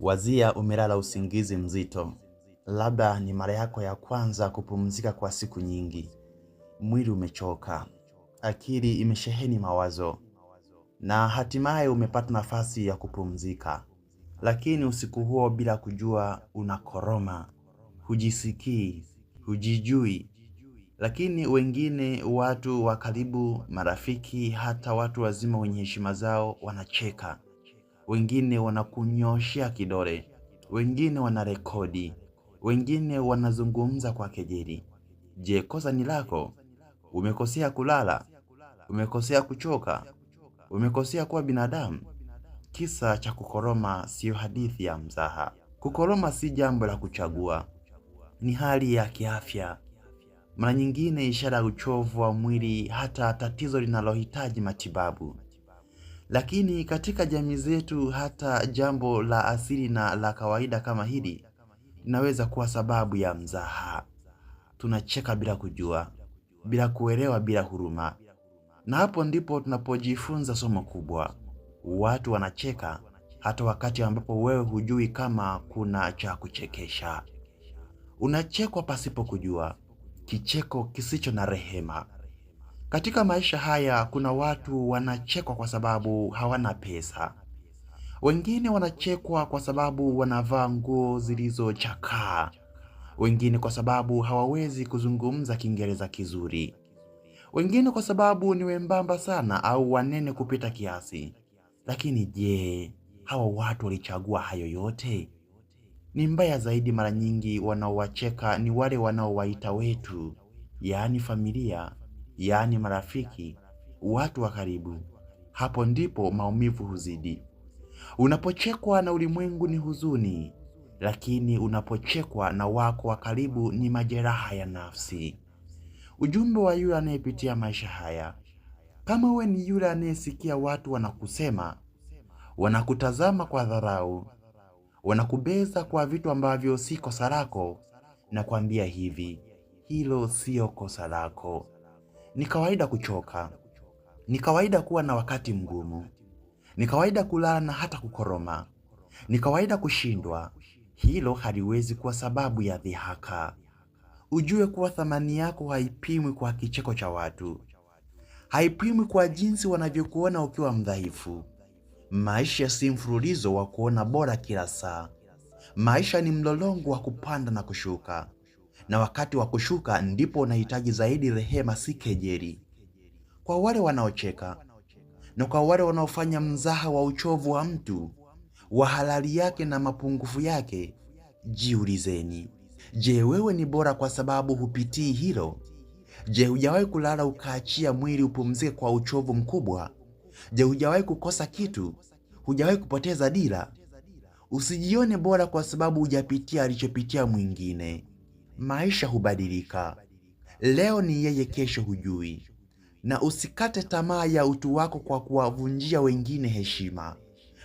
Wazia umelala usingizi mzito, labda ni mara yako ya kwanza kupumzika kwa siku nyingi. Mwili umechoka, akili imesheheni mawazo, na hatimaye umepata nafasi ya kupumzika. Lakini usiku huo, bila kujua, unakoroma, hujisikii, hujijui. Lakini wengine, watu wa karibu, marafiki, hata watu wazima wenye heshima zao, wanacheka wengine wanakunyoshea kidole, wengine wanarekodi, wengine wanazungumza kwa kejeli. Je, kosa ni lako? Umekosea kulala, umekosea kuchoka, umekosea kuwa binadamu. Kisa cha kukoroma siyo hadithi ya mzaha. Kukoroma si jambo la kuchagua, ni hali ya kiafya, mara nyingine ishara ya uchovu wa mwili, hata tatizo linalohitaji matibabu. Lakini katika jamii zetu hata jambo la asili na la kawaida kama hili linaweza kuwa sababu ya mzaha. Tunacheka bila kujua, bila kuelewa, bila huruma, na hapo ndipo tunapojifunza somo kubwa. Watu wanacheka hata wakati ambapo wewe hujui kama kuna cha kuchekesha. Unachekwa pasipo kujua, kicheko kisicho na rehema. Katika maisha haya kuna watu wanachekwa kwa sababu hawana pesa. Wengine wanachekwa kwa sababu wanavaa nguo zilizochakaa. Wengine kwa sababu hawawezi kuzungumza Kiingereza kizuri. Wengine kwa sababu ni wembamba sana au wanene kupita kiasi. Lakini je, hawa watu walichagua hayo yote? Ni mbaya zaidi, mara nyingi wanaowacheka ni wale wanaowaita wetu, yaani familia yaani marafiki, watu wa karibu. Hapo ndipo maumivu huzidi. Unapochekwa na ulimwengu ni huzuni, lakini unapochekwa na wako wa karibu ni majeraha ya nafsi. Ujumbe wa yule anayepitia maisha haya, kama we ni yule anayesikia watu wanakusema, wanakutazama kwa dharau, wanakubeza kwa vitu ambavyo si kosa lako, na kuambia hivi, hilo siyo kosa lako. Ni kawaida kuchoka, ni kawaida kuwa na wakati mgumu, ni kawaida kulala na hata kukoroma, ni kawaida kushindwa. Hilo haliwezi kuwa sababu ya dhihaka. Ujue kuwa thamani yako haipimwi kwa kicheko cha watu, haipimwi kwa jinsi wanavyokuona ukiwa mdhaifu. Maisha si mfululizo wa kuona bora kila saa. Maisha ni mlolongo wa kupanda na kushuka na wakati wa kushuka ndipo unahitaji zaidi rehema, si kejeli. Kwa wale wanaocheka na kwa wale wanaofanya mzaha wa uchovu wa mtu wa halali yake na mapungufu yake, jiulizeni, je, wewe ni bora kwa sababu hupitii hilo? Je, hujawahi kulala ukaachia mwili upumzike kwa uchovu mkubwa? Je, hujawahi kukosa kitu? Hujawahi kupoteza dira? Usijione bora kwa sababu hujapitia alichopitia mwingine. Maisha hubadilika, leo ni yeye, kesho hujui. Na usikate tamaa ya utu wako kwa kuwavunjia wengine heshima,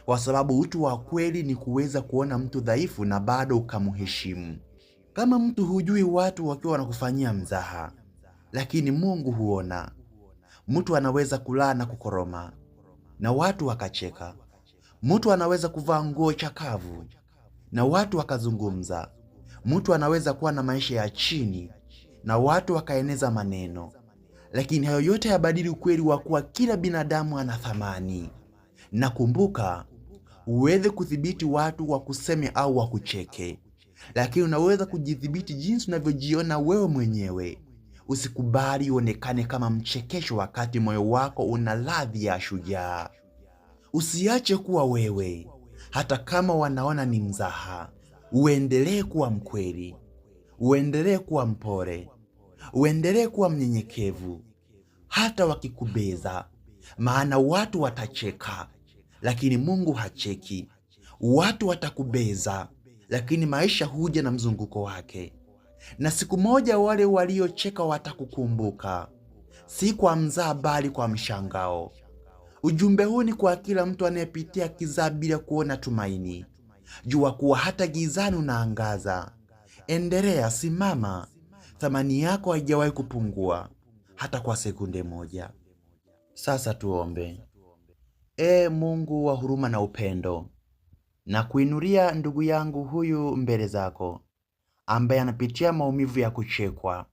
kwa sababu utu wa kweli ni kuweza kuona mtu dhaifu na bado ukamheshimu. Kama mtu hujui watu wakiwa wanakufanyia mzaha, lakini Mungu huona. Mtu anaweza kulaa na kukoroma na watu wakacheka. Mtu anaweza kuvaa nguo chakavu na watu wakazungumza mtu anaweza kuwa na maisha ya chini na watu wakaeneza maneno, lakini hayo yote hayabadili ukweli wa kuwa kila binadamu ana thamani. Na kumbuka, huwezi kudhibiti watu wa kuseme au wa kucheke, lakini unaweza kujidhibiti jinsi unavyojiona wewe mwenyewe. Usikubali uonekane kama mchekesho wakati moyo wako una ladhi ya shujaa. Usiache kuwa wewe, hata kama wanaona ni mzaha uendelee kuwa mkweli, uendelee kuwa mpole, uendelee kuwa mnyenyekevu, hata wakikubeza, maana watu watacheka, lakini Mungu hacheki. Watu watakubeza, lakini maisha huja na mzunguko wake, na siku moja wale waliocheka watakukumbuka, si kwa mzaa bali kwa mshangao. Ujumbe huu ni kwa kila mtu anayepitia kizaa bila kuona tumaini Jua kuwa hata gizani unaangaza. Endelea, simama, thamani yako haijawahi kupungua hata kwa sekunde moja. Sasa tuombe. E Mungu wa huruma na upendo, na kuinulia ndugu yangu huyu mbele zako, ambaye anapitia maumivu ya kuchekwa,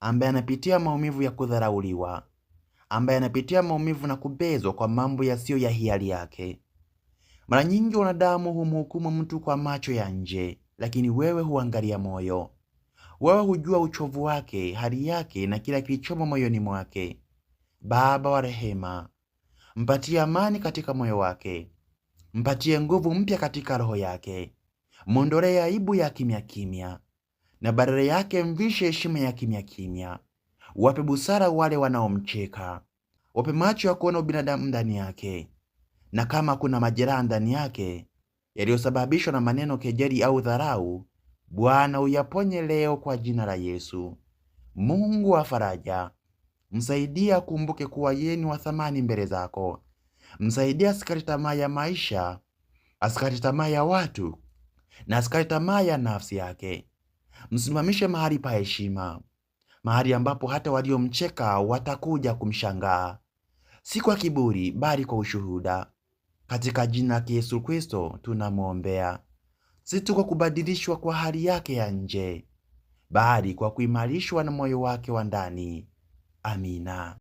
ambaye anapitia maumivu ya kudharauliwa, ambaye anapitia maumivu na kubezwa kwa mambo yasiyo ya hiari yake. Mara nyingi wanadamu humhukumu mtu kwa macho ya nje, lakini wewe huangalia moyo. Wewe hujua uchovu wake, hali yake na kila kilichomo moyoni mwake. Baba wa rehema, mpatie amani katika moyo wake, mpatie nguvu mpya katika roho yake, mwondolee aibu ya kimya kimya, na badala yake mvishe heshima ya kimya kimya. Wape busara wale wanaomcheka, wape macho ya kuona ubinadamu ndani yake na kama kuna majeraha ndani yake yaliyosababishwa na maneno, kejeli au dharau, Bwana uyaponye leo kwa jina la Yesu. Mungu wa faraja, msaidia akumbuke kuwa yeye ni wa thamani mbele zako. Msaidia asikate tamaa ya maisha, asikate tamaa ya watu na asikate tamaa ya nafsi yake. Msimamishe mahali pa heshima, mahali ambapo hata waliomcheka watakuja kumshangaa, si kwa kiburi, bali kwa ushuhuda. Katika jina la Yesu Kristo tunamwombea, si tu kwa kubadilishwa kwa hali yake ya nje, bali kwa kuimarishwa na moyo wake wa ndani. Amina.